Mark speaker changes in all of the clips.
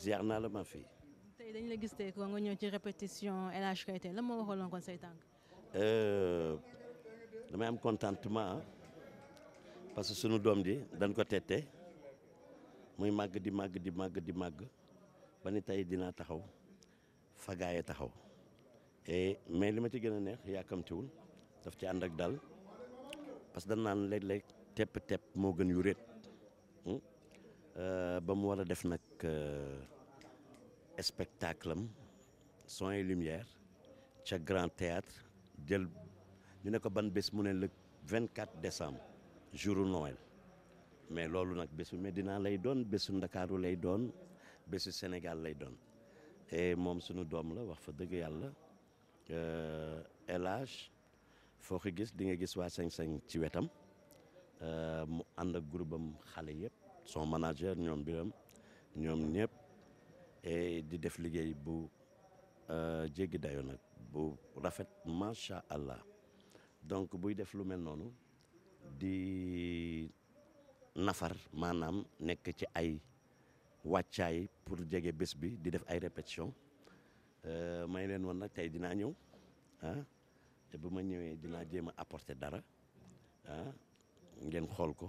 Speaker 1: ziar naa la ma fi. tay dañ la gis ko nga ñëw ci répétition LHKT la moo waxaloon kon say euh dama am contentement hein, parce que suñu dom di dañ ko tété muy mag di mag di mag di mag ba ni tey dinaa taxaw fagaaye taxaw et mais li ma ci gën a neex wul daf ci ànd ak dal parce que dañ nan léeg-léeg tepp tepp mo gën yu hmm? Euh, ba a def euh, spectacle et lumière ca grand théâtre jël ñu ne le 24 décembre jouru Noël mais loolu nag bésu Medina lay doon bésu Ndakaaru lay Sénégal lay et la wax fa euh, di nga ci mu ak son manager ñoom biram ñoom ñëpp et di def liggéey bu euh, jéggi dayo nag bu rafet macha allah donc buy def lu mel noonu di nafar maanaam nekk ci ay wàccaay pour jege bés bi di def ay répétition euh, may leen woon nag tey dinaa ñëw ah te bu ma ñëwee dinaa jéem a apporter dara ah ngeen xool ko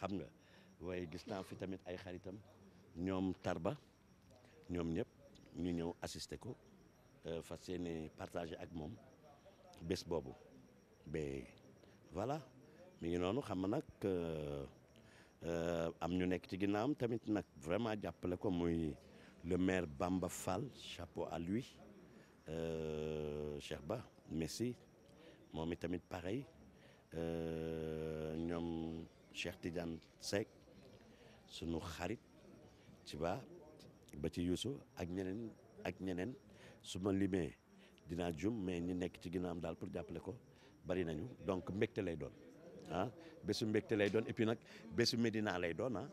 Speaker 1: xam nga waaye gis naa fi tamit ay xaritam ñom Tarba ñom ñep ñu ñew assister ko euh yéene partager ak mom bés bobu ba voilà mi ngi noonu xam euh, euh am ñu nek ci ginnam tamit nak vraiment jàppale ko muy le maire Bamba Fall chapeau à lui euh, Cheikh Ba merci momi tamit pareil euh ñom Cheikh Tidiane Seck sunu xarit ci ba ba ci Youssou ak ñeneen ak ñeneen suma ma limee dinaa jum mais ñi nekk ci ginnaawam daal pour jàppale ko bari nañu donc mbégte lay doon ah bésu mbégte lay doon et puis nag bésu Médina lay doon ah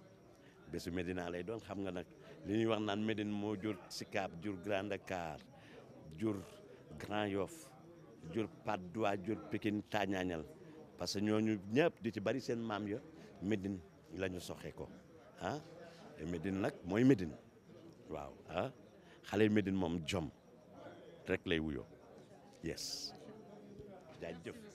Speaker 1: bésu Médina lay doon xam nga nag li ñuy wax naan Médine moo jur Sicap jur Grand Dakar jur Grand Yoff jur Patte d'Oie jur Pikine Taañaañal parce que ñooñu ñëpp di ci bari seen maam yo Médine la ñu soxe ko ah Médine nag mooy Médine waaw ah xale Médine moom jom rek lay wuyoo yes jaajëf